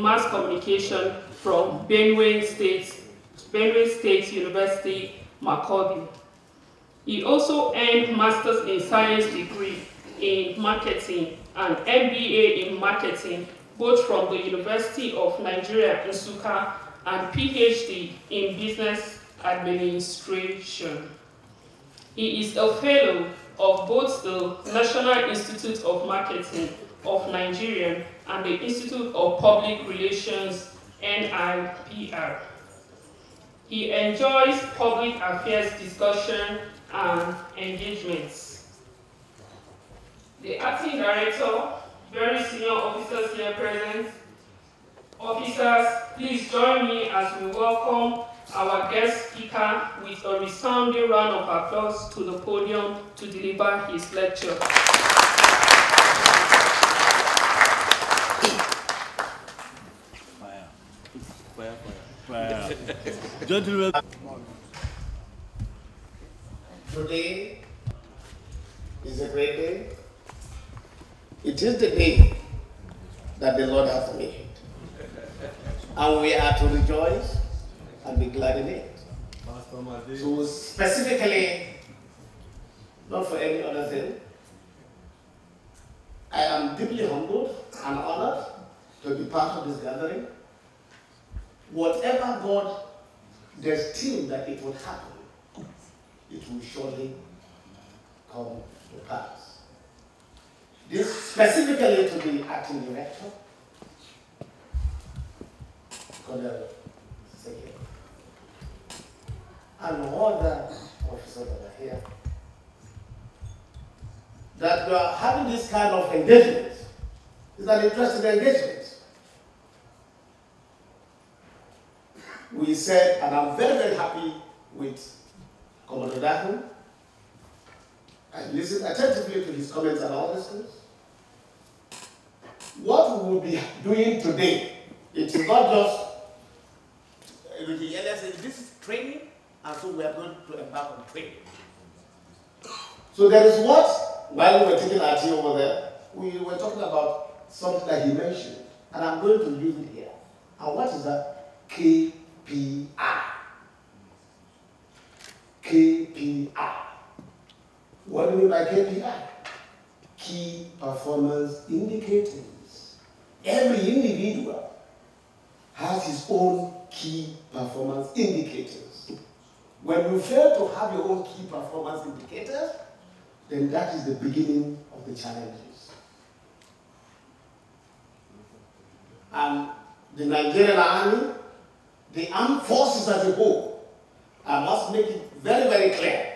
mass communication from Benue State, Benue State University, Macaulay. He also earned Master's in Science degree in Marketing and MBA in Marketing, both from the University of Nigeria, Nsukka, and PhD in Business Administration. He is a fellow of both the National Institute of Marketing of Nigeria and the Institute of Public Relations, NIPR. He enjoys public affairs discussion and engagements. The acting director, very senior officers here present, officers, please join me as we welcome our guest speaker with a resounding round of applause to the podium to deliver his lecture. Gentlemen. Today is a great day. It is the day that the Lord has made. And we are to rejoice and be glad in it. So specifically, not for any other thing, I am deeply humbled and honored to be part of this gathering. Whatever God destined that it would happen, it will surely come to pass. This specifically to the acting director, Colonel Seke, and other officers that are here, that we are having this kind of engagement. is an interesting engagement. we said, and I'm very, very happy with Commodore Dahu. I listened attentively to his comments and all these things. What we will be doing today, it's not just Ricky uh, Elias said, this is training, and so we are going to embark on training. So there is what, while we were taking our tea over there, we were talking about something that he mentioned, and I'm going to use it here. And what is that? K KPI. KPI. What do you mean by KPI? Key performance indicators. Every individual has his own key performance indicators. When you fail to have your own key performance indicators, then that is the beginning of the challenges. And the Nigerian army the armed forces as a whole, I must make it very, very clear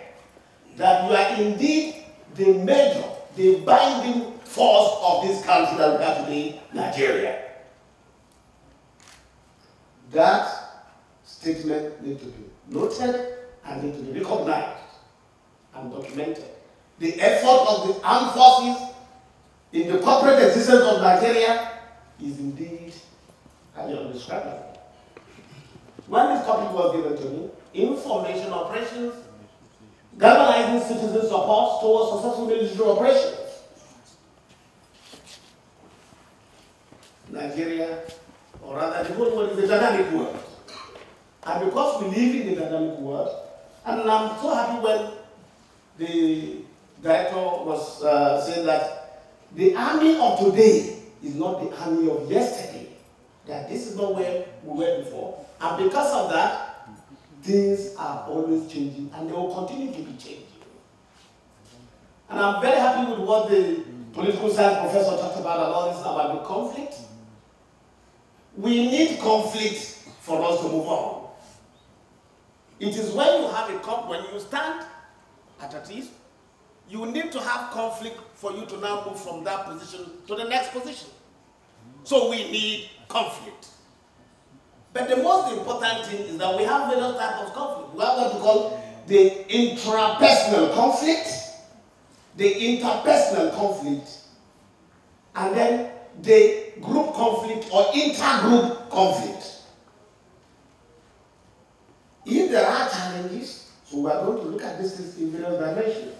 that you are indeed the major, the binding force of this country that we have today, Nigeria. That statement needs to be noted and needs to be recognized and documented. The effort of the armed forces in the corporate existence of Nigeria is indeed highly undescribable. When this topic was given to me, information operations, galvanizing citizen support towards successful military operations. Nigeria, or rather the whole world is a dynamic world. And because we live in a dynamic world, and I'm so happy when the director was uh, saying that the army of today is not the army of yesterday. That this is not where we were before. And because of that, things are always changing and they will continue to be changing. And I'm very happy with what the political science professor talked about and all this about the conflict. We need conflict for us to move on. It is when you have a conflict, when you stand at a least, you need to have conflict for you to now move from that position to the next position. So we need conflict. But the most important thing is that we have various types of conflict. We have what we call the intrapersonal conflict, the interpersonal conflict, and then the group conflict or intergroup conflict. If there are challenges, so we are going to look at this in various dimensions.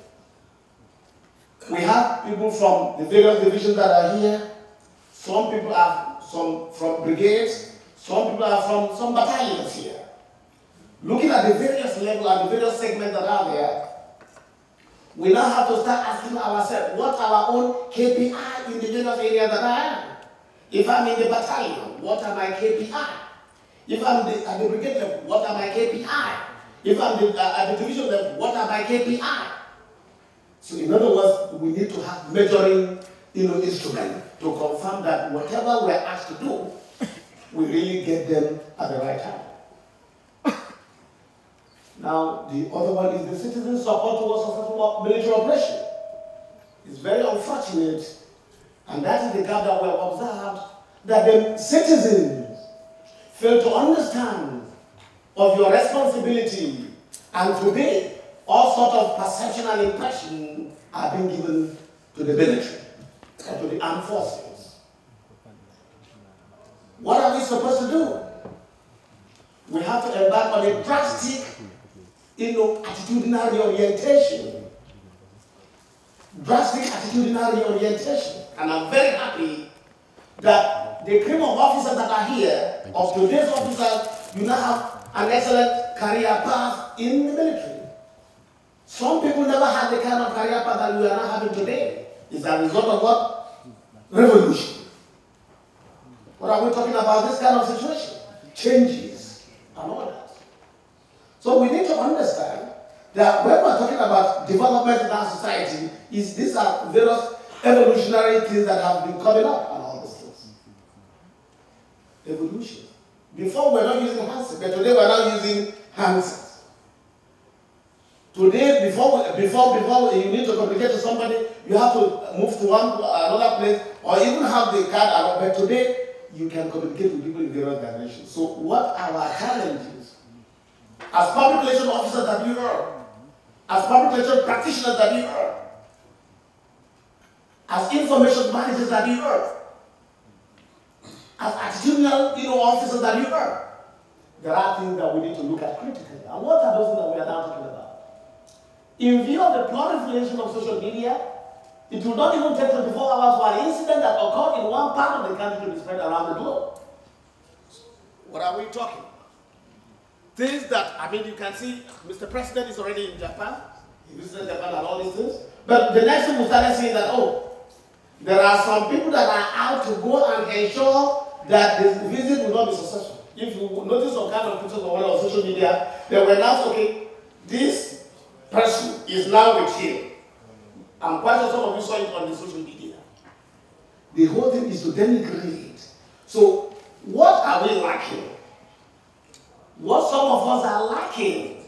We have people from the various divisions that are here. Some people are some from brigades, Some people are from some battalions here. Looking at the various levels and the various segments that are there, we now have to start asking ourselves what our own KPI in the general area that I am. If I'm in the battalion, what are my KPI? If I'm the, at the brigade level, what are my KPI? If I'm the, uh, at the division level, what are my KPI? So in other words, we need to have measuring you know, instrument to confirm that whatever we're asked to do, we really get them at the right time. now, the other one is the citizens' support towards successful military operation. It's very unfortunate, and that is the gap that we have observed, that the citizens fail to understand of your responsibility, and today, all sort of perception and impression are being given to the military or to the armed forces. What are we supposed to do? We have to embark on a drastic, you know, attitudinal reorientation. Drastic attitudinal reorientation. And I'm very happy that the cream of officers that are here, of today's officers, you now have an excellent career path in the military. Some people never had the kind of career path that we are now having today. It's a result of what? Revolution. What are we talking about this kind of situation? Changes and all that. So we need to understand that when we're talking about development in our society, is these are various evolutionary things that have been coming up and all these things. Evolution. Before we were not using hands, but today we are now using hands. Today, before, before, before you need to communicate to somebody, you have to move to one another place or even have the card. But today, you can communicate with people in various dimensions. So what are our challenges? As public relations officers that we are, as public relations practitioners that we are, as information managers that we are, as attitudinal you know, officers that we are, there are things that we need to look at critically. And what are those things that we are now talking about? In view of the proliferation of social media, it will not even take 24 hours for an incident that occurred in one part of the country to be spread around the globe. What are we talking? Things that, I mean, you can see Mr. President is already in Japan. He visited Japan and all these things. But the next thing we started seeing that, oh, there are some people that are out to go and ensure that this visit will not be successful. If you notice some kind of pictures on social media, they were announced, okay, this person is now with him. I'm quite sure some of you saw it on the social media. The whole thing is to denigrate. So, what are we lacking? What some of us are lacking?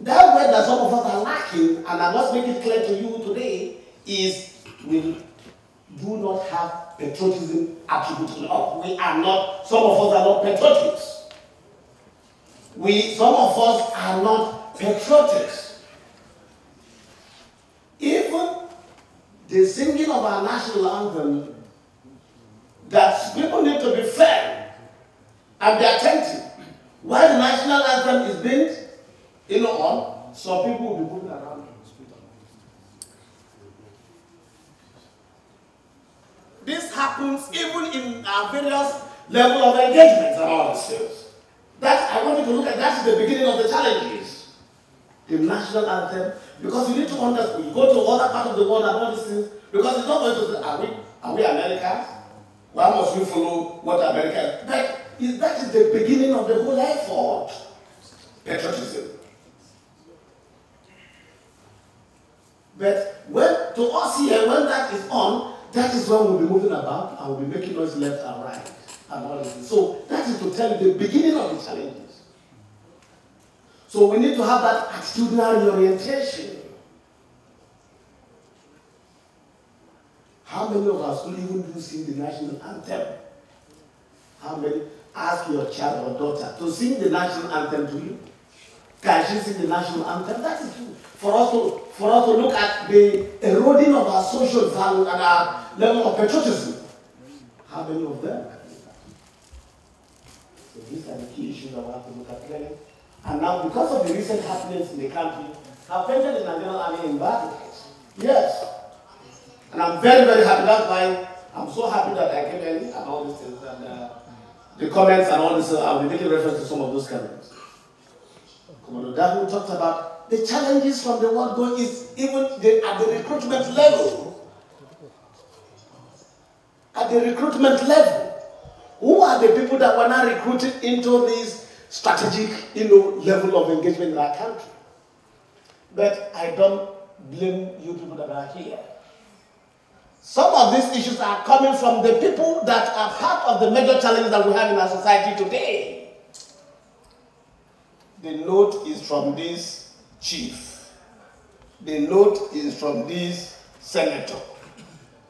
That word that some of us are lacking, and I must make it clear to you today, is we do not have patriotism attribute in us. We are not, some of us are not patriotics. We, some of us are not patriotics. the singing of our national anthem that people need to be fair and be attentive. While the national anthem is being, you know, on, some people will be moving around This happens even in our various level of engagement and all the sales. That I want you to look at. That's the beginning of the challenges. the national anthem, because you need to understand, you go to other parts of the world and all these things, because it's not going to say, are we, are we Americans? Why must we follow what America is? That is, that is the beginning of the whole effort. Patriotism. But when, to us here, when that is on, that is when we'll be moving about and we'll be making noise left and right. And all this. So that is to tell you the beginning of the challenges. So we need to have that attitudinal orientation. How many of us could even do sing the national anthem? How many? Ask your child or daughter to sing the national anthem to you. Can she sing the national anthem? That is true. For us to, for us to look at the eroding of our social value and our level of patriotism. How many of them? So these are the key issues that we have to look at clearly. And now, because of the recent happenings in the country, have ventured the Nigerian army in battle. Yes. And I'm very, very happy. That's why I'm so happy that I came early and all these things. And uh, the comments and all this, uh, I'll be making reference to some of those comments. Commander Dahu talked about the challenges from the world going is even the, at the recruitment level. At the recruitment level. Who are the people that were not recruited into these strategic you know, level of engagement in our country. But I don't blame you people that are here. Some of these issues are coming from the people that are part of the major challenges that we have in our society today. The note is from this chief. The note is from this senator.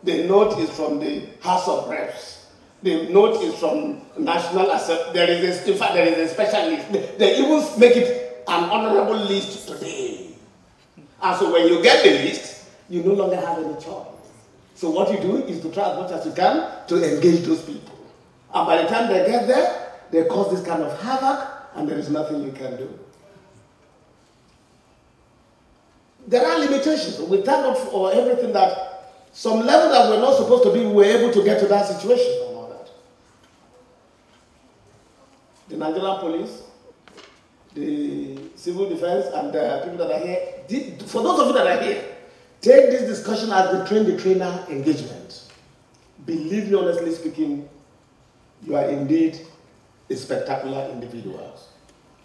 The note is from the House of Reps. The note is from National asset. There is a, in fact, there is a special list. They, they even make it an honorable list today. And so when you get the list, you no longer have any choice. So what you do is to try as much as you can to engage those people. And by the time they get there, they cause this kind of havoc, and there is nothing you can do. There are limitations. We thank God for everything that some level that we're not supposed to be, we are able to get to that situation. Nigerian police, the civil defense, and the people that are here. For those of you that are here, take this discussion as the train the trainer engagement. Believe me, honestly speaking, you are indeed a spectacular individual.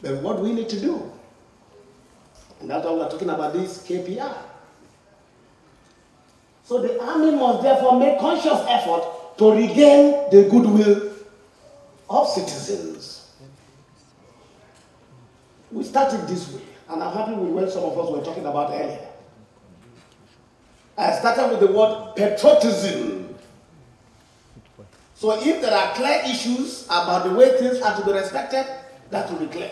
But what we need to do, and that's why we're talking about this KPI. So the army must therefore make conscious effort to regain the goodwill of citizens. We started this way, and I'm happy with what some of us were talking about earlier. I started with the word patriotism. So if there are clear issues about the way things are to be respected, that will be clear.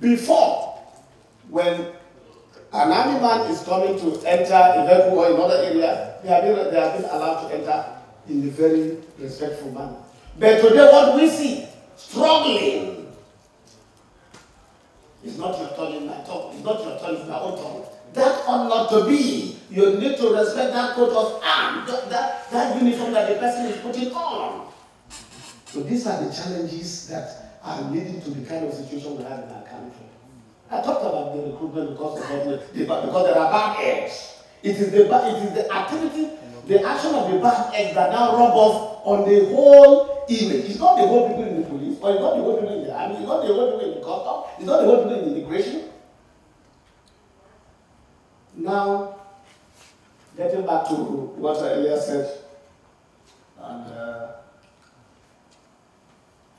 Before, when an army man is coming to enter Iveku or another area, they have, been, they have been allowed to enter in a very respectful manner. But today what we see, struggling it's not your turn in my tongue. It's not your turn in my own tongue. That ought not to be. You need to respect that coat of arms, that, that, that uniform that the person is putting on. So these are the challenges that are leading to the kind of situation we have in our country. I talked about the recruitment because of government, because there are bad eggs. It is the, it is the activity, the action of the bad eggs that now rub off on the whole image. It's not the whole people in the police, or it's not the whole people in the army, it's not the whole people in the custom, it's not the whole people in immigration. Now, getting back to what I earlier said, and uh,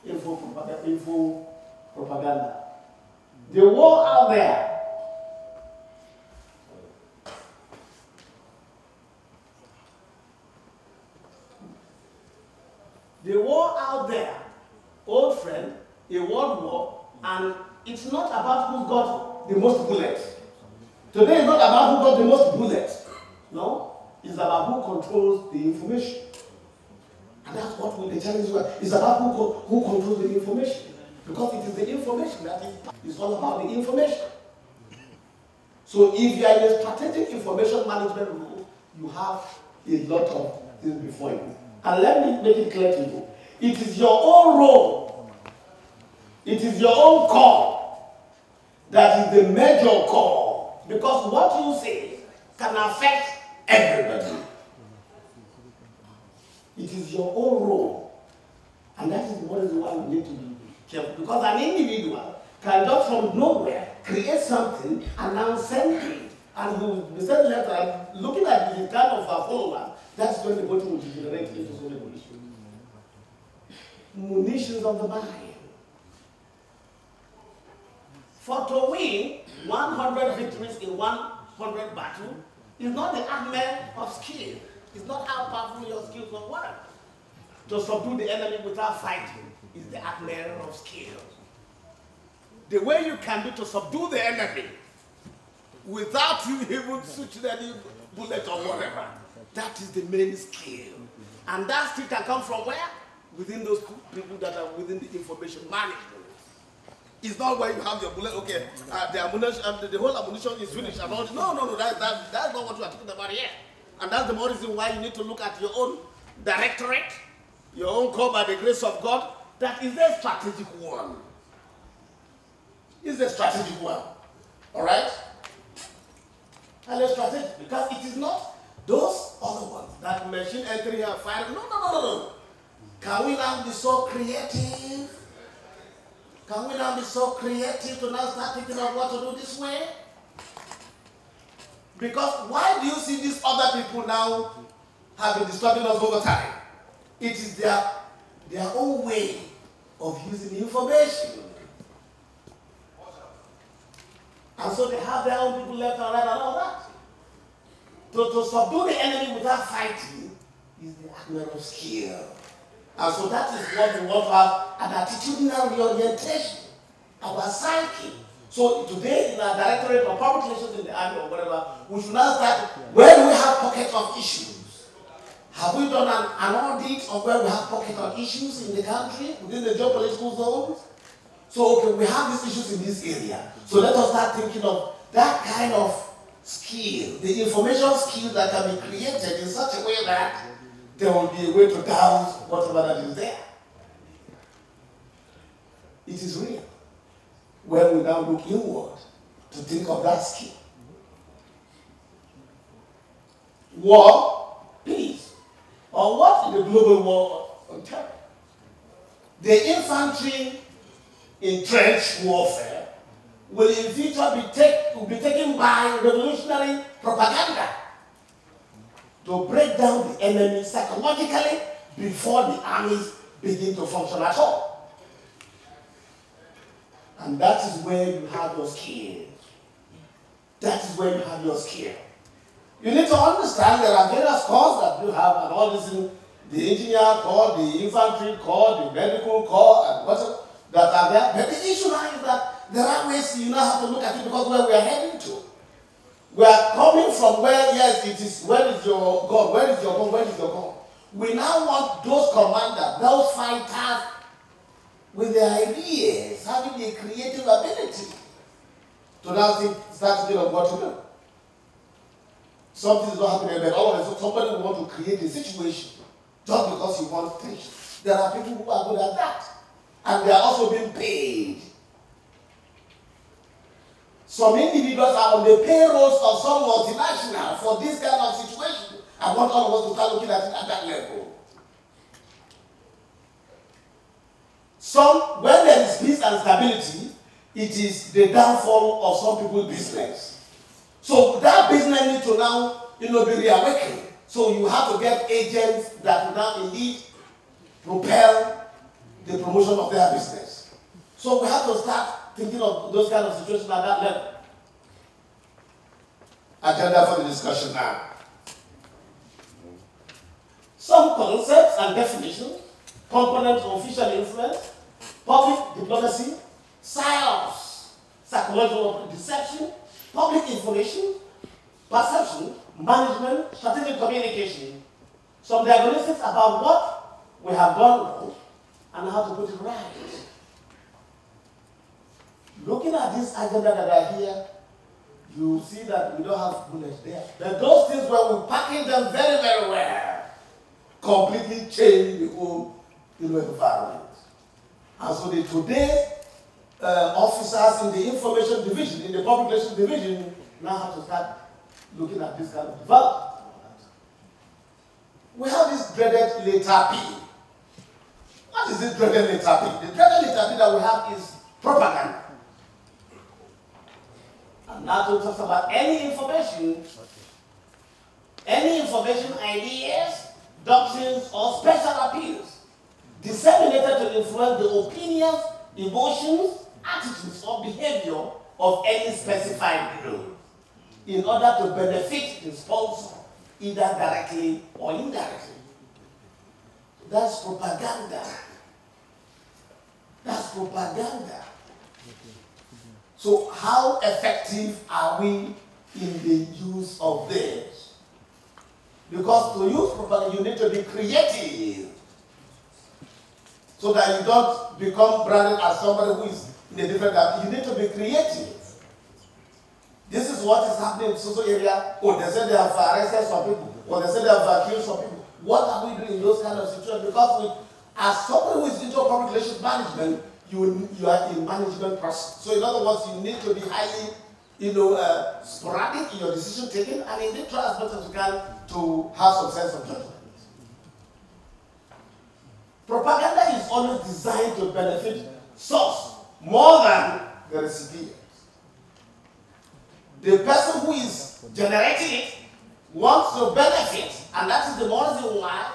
info, propaganda, info propaganda. The war out there And it's not about who got the most bullets. Today is not about who got the most bullets. No, it's about who controls the information. And that's what the challenge is well. It's about who, who controls the information. Because it is the information that is it's all about the information. So if you are in a strategic information management role, you have a lot of things before you. And let me make it clear to you. It is your own role it is your own call that is the major call because what you say can affect everybody. It is your own role. And that is what is why we need to be careful because an individual can just from nowhere create something and now send it. And who will be sent looking at the kind of a follower, that's when the body will degenerate into so many munitions of the mind. For to win 100 victories in 100 battles is not the army of skill. It's not how powerful your skills are. war. To subdue the enemy without fighting is the army of skill. The way you can do to subdue the enemy without you even switching any bullet or whatever, that is the main skill. And that skill can come from where? Within those people that are within the information management. It's not where you have your bullet. Okay, uh, the ammunition, um, the, the, whole ammunition is finished. And all, no, no, no. That, that, that's not what we are talking about here. And that's the more reason why you need to look at your own directorate, your own call by the grace of God. That is a strategic one. It's a strategic one. All right? And a strategic because it is not those other ones that machine entry and firing. No, no, no, no, no. Can we now be so creative? Can we now be so creative to now start thinking of what to do this way? Because why do you see these other people now have been disturbing us over time? It is their, their own way of using information. And so they have their own people left and right and all that. To, to subdue the enemy without fighting is the admirable skill. And so that is what we want to have an attitudinal reorientation, our psyche. So today in our directorate of public relations in the army or whatever, we should now start where we have pockets of issues. Have we done an, an audit of where we have pockets of issues in the country, within the geopolitical zones? So, okay, we have these issues in this area. So let us start thinking of that kind of skill, the information skill that can be created in such a way that there will be a way to doubt whatever that is there. It is real. When we now look inward to think of that skill. War, peace, or what in the global war on terror? The infantry in trench warfare will in future be, take, will be taken by revolutionary propaganda to break down the enemy psychologically before the armies begin to function at all. And that is where you have your skill. That is where you have your skill. You need to understand there are various calls that you have and all this in the engineer call, the infantry call, the medical call, and whatever that are there. But the issue now is that there are ways you now have to look at it because where we are heading to. We are coming from where, yes, it is, where is your God? Where is your God? Where is your God? We now want those commanders, those fighters, with their ideas, having the creative ability to now think, start to of what to do. Something is not happening, but all of a sudden somebody will want to create a situation just because you want things. There are people who are good at that, and they are also being paid Some individuals are on the payrolls of some multinational for this kind of situation. I want all of us to start looking at it at that level. Some, when there is peace and stability, it is the downfall of some people's business. So that business need to now, you know, be reawakened. So you have to get agents that will now indeed propel the promotion of their business. So we have to start thinking of those kind of situations at that level. Agenda for the discussion now. Some concepts and definitions, components of official influence, public diplomacy, psyops, psychological deception, public information, perception, management, strategic communication. Some diagnostics about what we have done wrong and how to put it right. Looking at this agenda that are here, you see that we don't have bullets there. But those things where we packing them very, very well, completely change the whole you know, environment. And so the today uh, officers in the information division, in the public relations division, now have to start looking at this kind of development. We have this dreaded letter P. What is this dreaded letter P? The dreaded letter P that we have is propaganda. Not to talks about any information, any information, ideas, doctrines, or special appeals disseminated to influence the opinions, emotions, attitudes, or behavior of any specified group in order to benefit the sponsor, either directly or indirectly. That's propaganda. That's propaganda. So, how effective are we in the use of this? Because to use properly, you need to be creative so that you don't become branded as somebody who is in a different type. You need to be creative. This is what is happening in social area. Oh, they say they have arrested some people. Or they say they have killed some people. What are we doing in those kind of situations? Because we, as somebody who is into public relations management, you, you are a management person. So in other words, you need to be highly, you know, uh, sporadic in your decision taking and in try as much as you can to have some sense of judgment. Propaganda is always designed to benefit source more than the recipient. The person who is generating it wants to benefit, and that is the reason why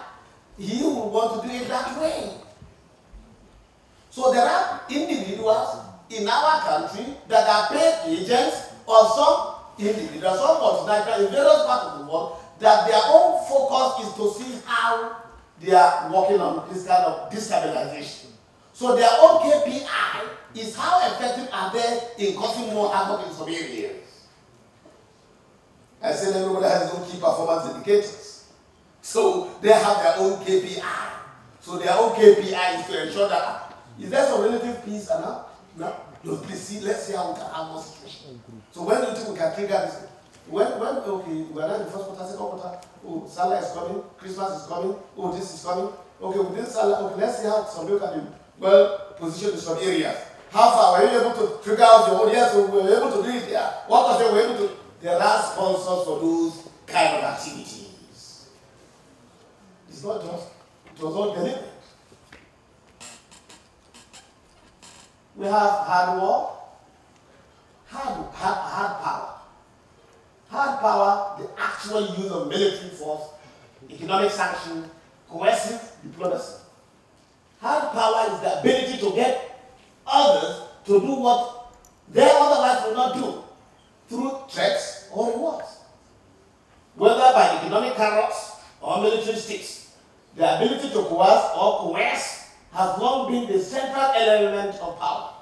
he will want to do it that way. So there are individuals in our country that are paid agents or some individuals, some multinational in various parts of the world, that their own focus is to see how they are working on this kind of destabilization. So their own KPI is how effective are they in causing more havoc in some areas. I said everybody has their own key performance indicators. So they have their own KPI. So their own KPI is to ensure that Is there some relative peace, not? No? No, please see, let's see how we can have situation. So when do you think we can trigger this? When, when, okay, we are now in the first quarter, second quarter, oh, Salah is coming, Christmas is coming, oh, this is coming. Okay, with this Salah, okay, let's see how some people can do. Well, position in some areas. How far were you able to trigger out your own? Yes, we were able to do it there? What was them were able to? There are sponsors for those kind of activities. It's not just, it was all deliberate. We have hard war, hard, hard, hard power. Hard power, the actual use of military force, economic sanction, coercive diplomacy. Hard power is the ability to get others to do what they otherwise would not do through threats or rewards. Whether by economic carrots or military sticks, the ability to coerce or coerce has long been the central element of power.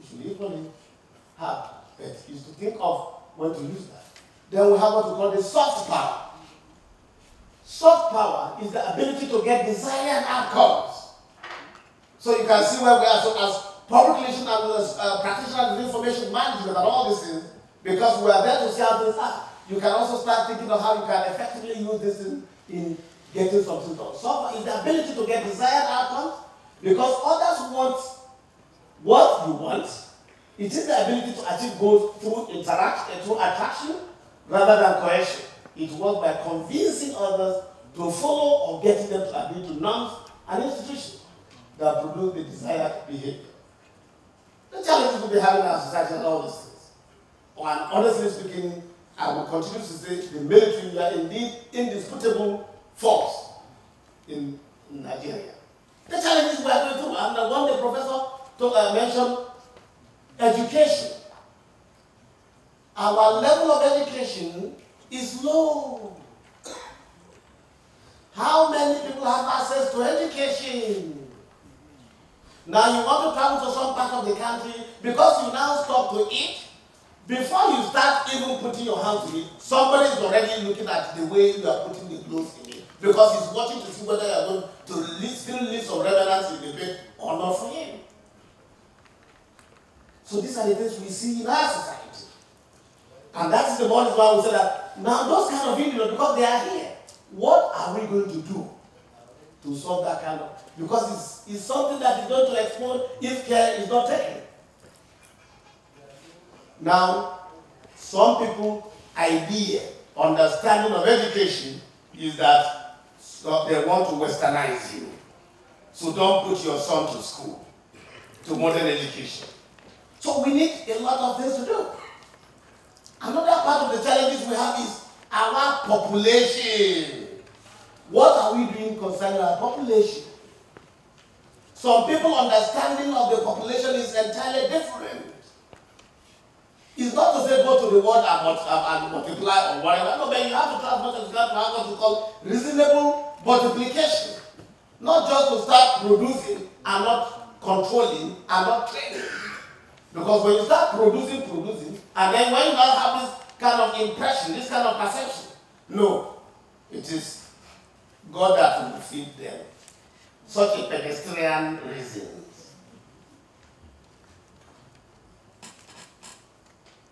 You should equally have, but you to think of when to use that. Then we have what we call the soft power. Soft power is the ability to get desired outcomes. So you can see where we are. So as public relations and as uh, practitioners of information management and all these things, because we are there to see how things are, you can also start thinking of how you can effectively use this in, in getting something done. Suffer so is the ability to get desired outcomes because others want what you want. It is the ability to achieve goals through interaction, eh, through attraction rather than coercion. It works by convincing others to follow or getting them to agree to norms and institutions that produce the desired behavior. The challenges we will be having in our society are all these things. And honestly speaking, I will continue to say the military are indeed indisputable force in Nigeria. The challenges we are going through, and one the Professor to, uh, mentioned education. Our level of education is low. How many people have access to education? Now you want to travel to some part of the country because you now stop to eat. Before you start even putting your hands in, it, somebody is already looking at the way you are putting the clothes because he's watching to see whether you're going to live, still live some relevance in the faith or not for him. So these are the things we see in our society. And that's the point why we say that now those kind of individuals, because they are here, what are we going to do to solve that kind of? Because it's, it's something that is going to explode if care is not taken. Now, some people idea, understanding of education is that they want to westernize you. So don't put your son to school, to modern education. So we need a lot of things to do. Another part of the challenges we have is our population. What are we doing concerning our population? Some people understanding of the population is entirely different. It's not to say go to the world and, multiply or whatever. No, but you have to try as much as you can to have what you call reasonable multiplication. Not just to start producing and not controlling and not training. Because when you start producing, producing, and then when you have this kind of impression, this kind of perception, no, it is God that will feed them. Such a pedestrian reasons.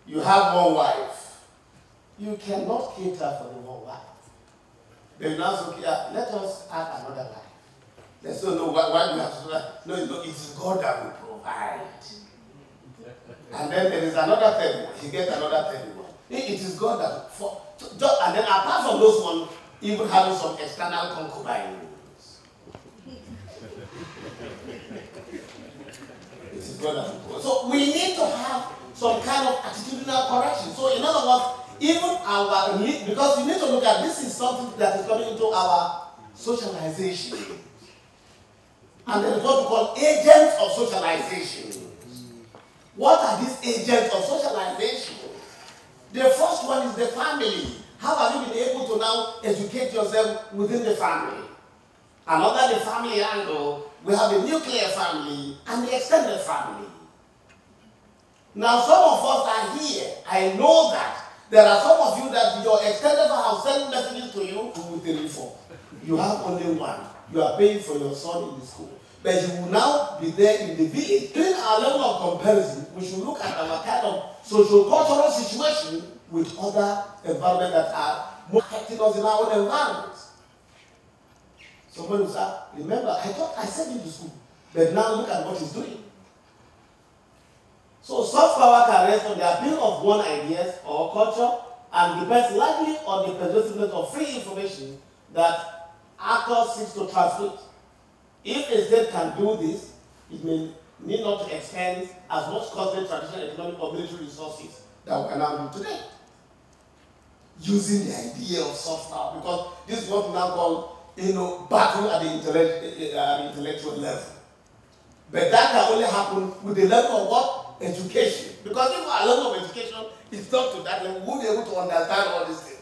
You have one wife. You cannot cater for the one wife. They now say, okay, ah, let us have another life. They say, no, why, why do we have to No, no, it is God that will provide. and then there is another thing. He gets another thing. It is God that for, just, and then apart from those one, even having some external concubines. it is God that will provide. So we need to have some kind of attitudinal correction. So in other words, even our, because you need to look at this is something that is coming into our socialization. And there is what we call agents of socialization. What are these agents of socialization? The first one is the family. How have you been able to now educate yourself within the family? And under the family angle, we have the nuclear family and the extended family. Now, some of us are here. I know that there are some of you that your extended have sent messages to you who will you for. You have only one. You are paying for your son in the school. But you will now be there in the village. Doing our level of comparison, we should look at our kind of social cultural situation with other environments that are more affecting us in our own environment. Someone will say, remember, I thought I sent him to school, but now look at what he's doing. So soft power can rest on the appeal of one ideas or culture and depends largely on the persuasiveness of free information that actors seek to transmit. If a state can do this, it may need not to expend as much costly traditional economic or military resources that we can now do today. Using the idea of soft power, because this is what we now call, you know, battle at the, intellect, uh, intellectual level. But that can only happen with the level of what education. Because if our level of education is not to that level, we'll be able to understand all these things.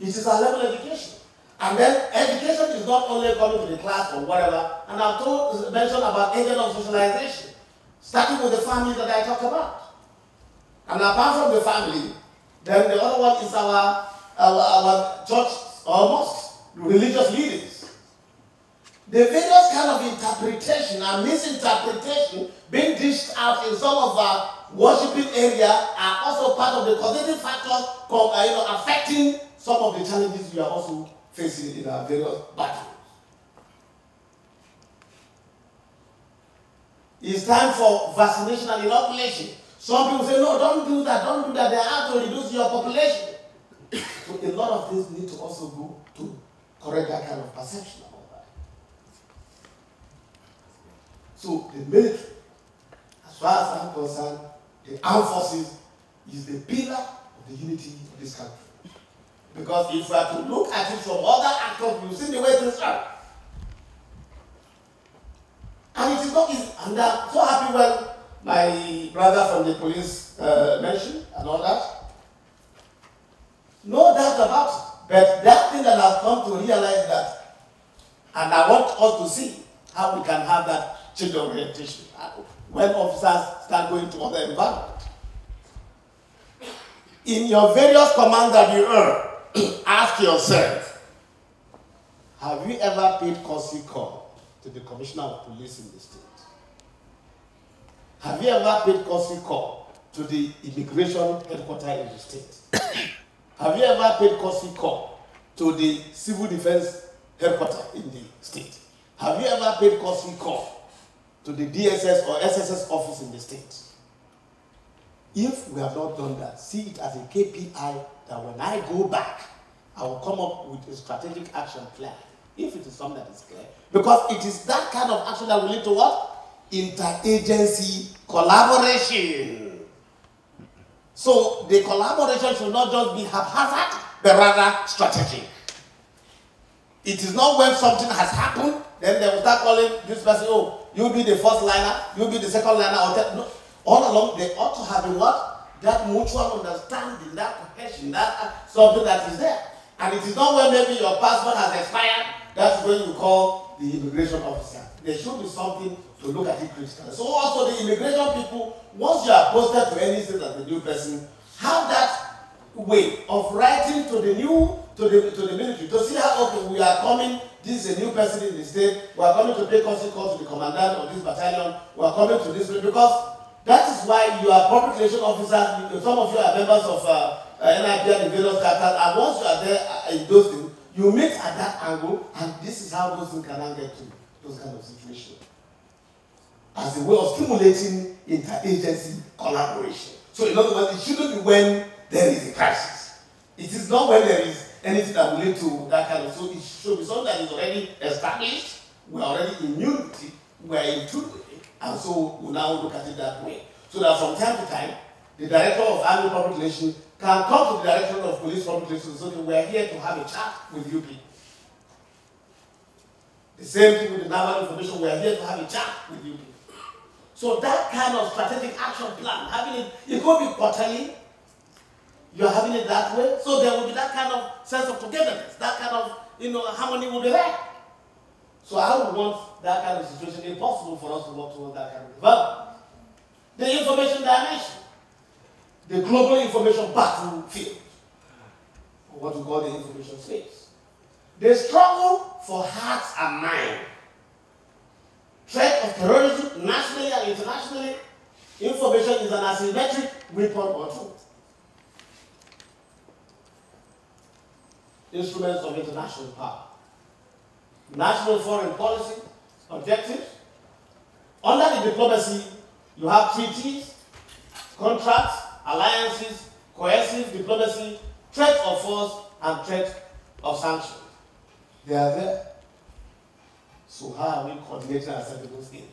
It is our level of education. And then education is not only coming to the class or whatever. And I've told, mentioned about agent of socialization, starting with the family that I talked about. And apart from the family, then the other one is our, our, our church or mosque, religious leaders. The various kind of interpretation and misinterpretation being dished out in some of our worshiping area are also part of the causative factor uh, you know, affecting some of the challenges we are also facing in our various battles. It's time for vaccination and inoculation. Some people say, no, don't do that, don't do that. They are to reduce your population. so a lot of things need to also go to correct that kind of perception. So the military, as far as I'm concerned, the armed forces is the pillar of the unity of this country. Because if we are to look at it from other actors, you see the way things are. And it is not easy. And I'm so happy when my brother from the police uh, mentioned and all that. No doubt about it. But that thing that I've come to realize that, and I want us to see how we can have that Children orientation. When officers start going to other environments, In your various commands that you earn, ask yourself, have you ever paid courtesy call to the commissioner of police in the state? Have you ever paid courtesy call to the immigration headquarters in the state? have you ever paid courtesy call to the civil defense headquarters in the state? Have you ever paid courtesy call to the DSS or SSS office in the state. If we have not done that, see it as a KPI that when I go back, I will come up with a strategic action plan, if it is something that is clear. Because it is that kind of action that will lead to what? Interagency collaboration. So the collaboration should not just be haphazard, but rather strategic. It is not when something has happened, then they will start calling this person, oh, you be the first liner, you be the second liner, or No. All along, they ought to have a what? That mutual understanding, that cohesion, that uh, something that is there. And it is not when maybe your passport has expired, that's when you call the immigration officer. There should be something to look at it critically. So also the immigration people, once you are posted to any state as a new person, have that way of writing to the new to the to the military to see how okay we are coming this is a new person in the state we are coming to pay constant call to the commandant of this battalion we are coming to this place because that is why you are public relation officers some of you are members of uh, uh, NIPR the various chapters and once you are there uh, in those things you meet at that angle and this is how those things can now get to those kind of situations as a way of stimulating interagency collaboration so in other words it shouldn't be when there is a crisis. It is not when there is anything that will lead to that kind of. So it should be something that is already established. We are already immune to We are in truth And so we now look at it that way. So that from time to time, the director of army public relations can come to the director of police public relations and say, okay, we are here to have a chat with you people. The same thing with the naval information, we are here to have a chat with you people. So that kind of strategic action plan, having it, it could be quarterly, You're having it that way. So there will be that kind of sense of togetherness, that kind of you know harmony will be there. So I would want that kind of situation impossible for us to work towards that kind of development. The information dimension, the global information battlefield, what we call the information space. The struggle for hearts and minds threat of terrorism nationally and internationally, information is an asymmetric weapon or tool. instruments of international power. National foreign policy objectives. Under the diplomacy, you have treaties, contracts, alliances, coercive diplomacy, threat of force, and threat of sanction. They are there. So how are we coordinating ourselves in those areas?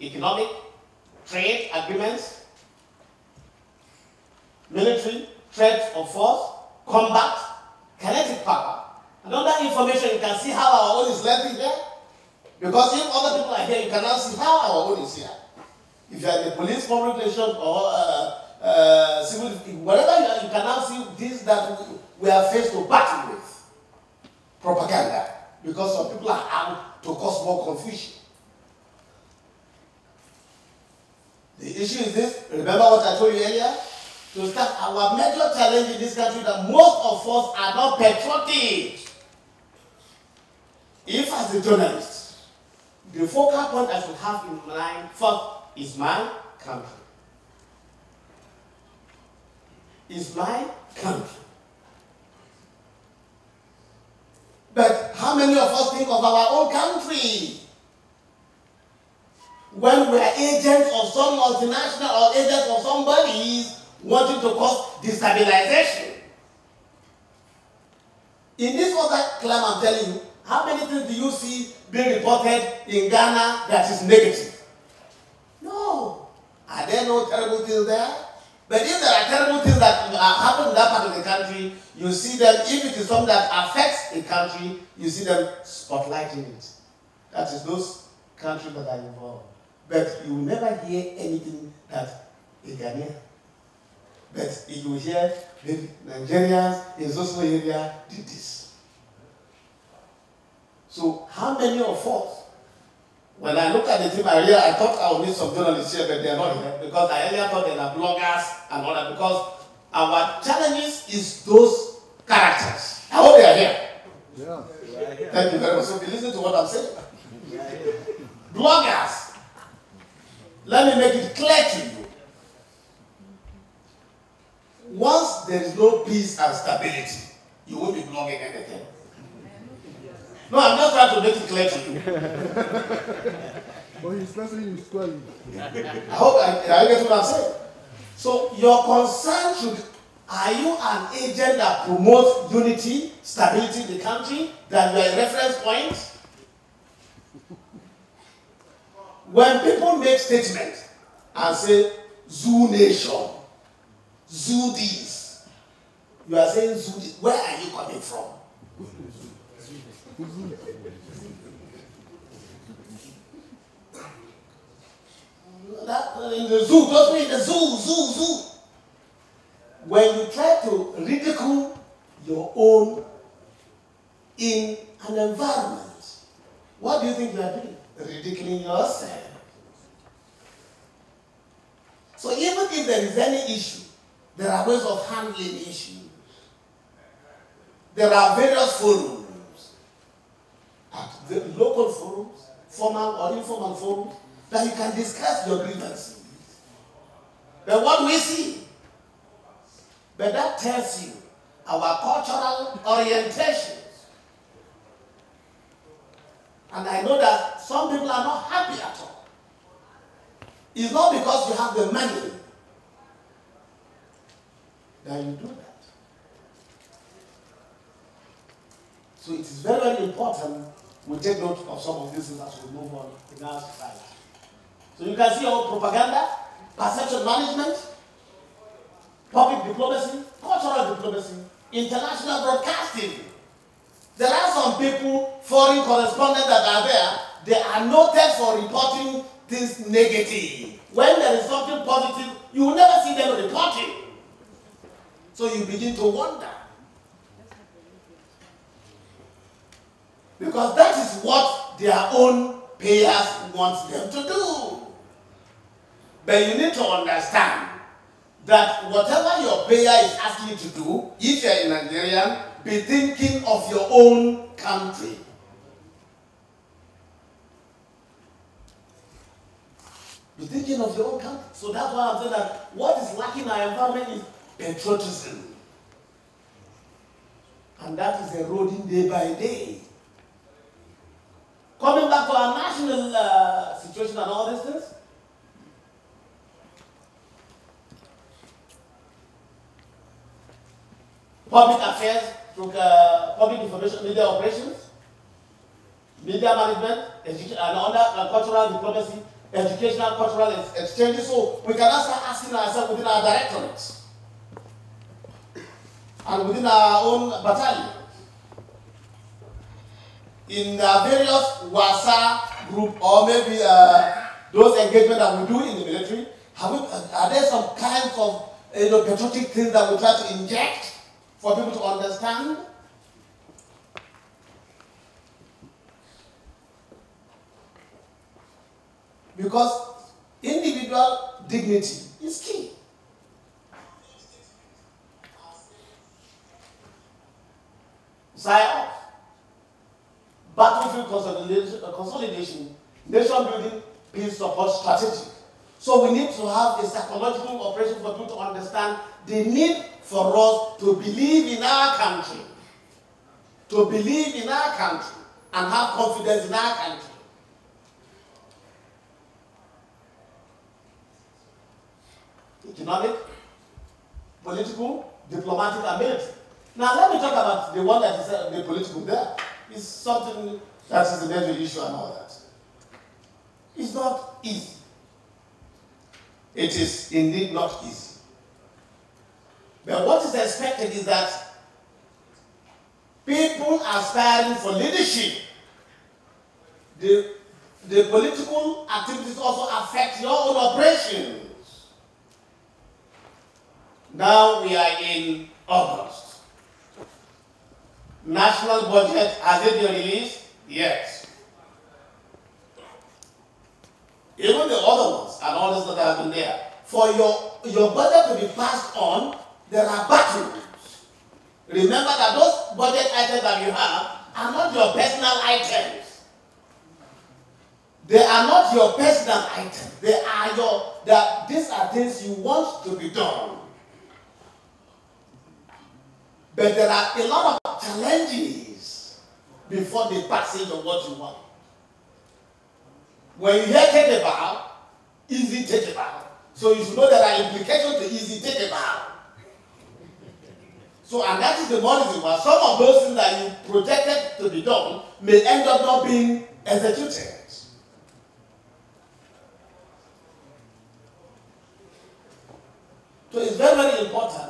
Economic, trade agreements, military, threat of force, combat, kinetic power. And that information, you can see how our own is living there. Because if other people are here, you cannot see how our own is here. If you are in the police, public or uh, uh, civil, whatever you are, you cannot see this that we are faced to battle with. Propaganda. Because some people are out to cause more confusion. The issue is this. Remember what I told you earlier? to start our major challenge in this country that most of us are not patriotic. If as a journalist, the focal point I should have in mind first is my country. Is my country. But how many of us think of our own country? When we are agents of some multinational or agents of somebody, wanting to cause destabilization. In this other claim I'm telling you, how many things do you see being reported in Ghana that is negative? No. Are there no terrible things there? But if there are terrible things that happen in that part of the country, you see them, if it is something that affects a country, you see them spotlighting it. That is those countries that are involved. But you will never hear anything that a Ghanaian but you hear maybe Nigerians in those area did this. So how many of us? When I look at the team, I realize I thought I would need some journalists here, but they are not here because I earlier thought they are bloggers and all that. Because our challenges is those characters. I hope they are here. Yeah. Thank you very much. So be listening to what I'm saying. yeah. Bloggers. Let me make it clear to you. once there is no peace and stability, you won't be belonging anything. No, I'm not trying to make it clear to you. but he's listening you squarely. I hope I, I get what I'm saying. So your concern should are you an agent that promotes unity, stability in the country, that you are a reference point? When people make statements and say, Zoo Nation, zoo You are saying zoo Where are you coming from? that, in the zoo, don't in the zoo, zoo, zoo. When you try to ridicule your own in an environment, what do you think you are doing? Ridiculing yourself. So even if there is any issue, there are ways of handling issues. There are various forums. At the local forums, formal or informal forums, that you can discuss your grievances. But what we see, but that tells you our cultural orientations. And I know that some people are not happy at all. It's not because you have the money that you do that. So it is very, very important we take note of some of these things as we move on in our society. So you can see all propaganda, perception management, public diplomacy, cultural diplomacy, international broadcasting. There are some people, foreign correspondents that are there, they are noted for reporting things negative. When there is something positive, you will never see them reporting. So you begin to wonder. Because that is what their own payers want them to do. But you need to understand that whatever your payer is asking you to do, if you're in Nigerian, be thinking of your own country. Be thinking of your own country. So that's why I'm saying that what is lacking in our environment is patriotism. And that is eroding day by day. Coming back to our national uh, situation and all these things, public affairs, through, uh, public information, media operations, media management, education, and other uh, cultural diplomacy, educational, cultural ex exchanges. So we cannot start asking ourselves within our directorates and within our own battalion. In the various WASA group or maybe uh, those engagements that we do in the military, we, are there some kinds of you know, patriotic things that we try to inject for people to understand? Because individual dignity is key. PSYOP, battlefield consolidation, uh, consolidation, nation building, peace support strategy. So we need to have a psychological operation for people to understand the need for us to believe in our country, to believe in our country, and have confidence in our country. Economic, political, diplomatic, and military. Now let me talk about the one that is uh, the political there. It's something that is a major issue and all that. It's not easy. It is indeed not easy. But what is expected is that people aspiring for leadership, the, the political activities also affect your own operations. Now we are in August national budget has it been released? Yes. Even the other ones and others that have been there. For your, your budget to be passed on, there are battles. Remember that those budget items that you have are not your personal items. They are not your personal items. They are your, that these are things you want to be done. But there are a lot of challenges before the passage of what you want. When you hear take about, easy take a about. So you should know there are implications to easy take a about. So, and that is the one reason why some of those things that you projected to be done may end up not being executed. So it's very, very important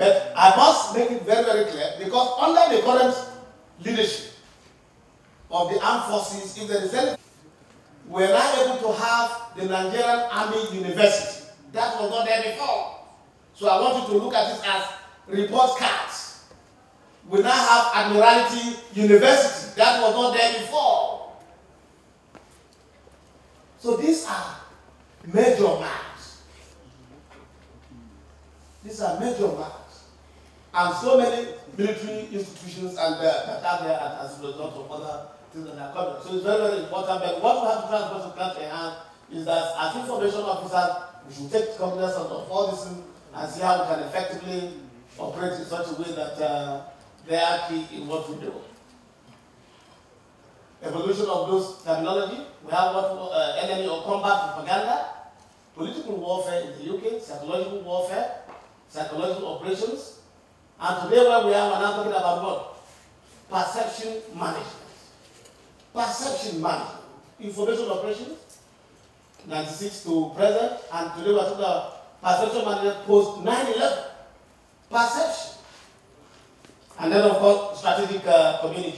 But I must make it very, very clear because under the current leadership of the armed forces, if there is any, we are now able to have the Nigerian Army University. That was not there before. So I want you to look at this as report cards. We now have Admiralty University. That was not there before. So these are major marks. These are major marks and so many military institutions and uh, that are there as a result of other things that are coming. So it's very, very important. But what we have to try and put plant hand is that as information officers, we should take cognizance of all this and see how we can effectively operate in such a way that uh, they are key in what we do. Evolution of those terminology. We have what uh, enemy or combat propaganda, political warfare in the UK, psychological warfare, psychological operations, and today where we are, and I'm talking about what? Perception management. Perception management. Information operations, 96 to present, and today we're talking about perception management post 9-11. Perception. And then of course, strategic uh,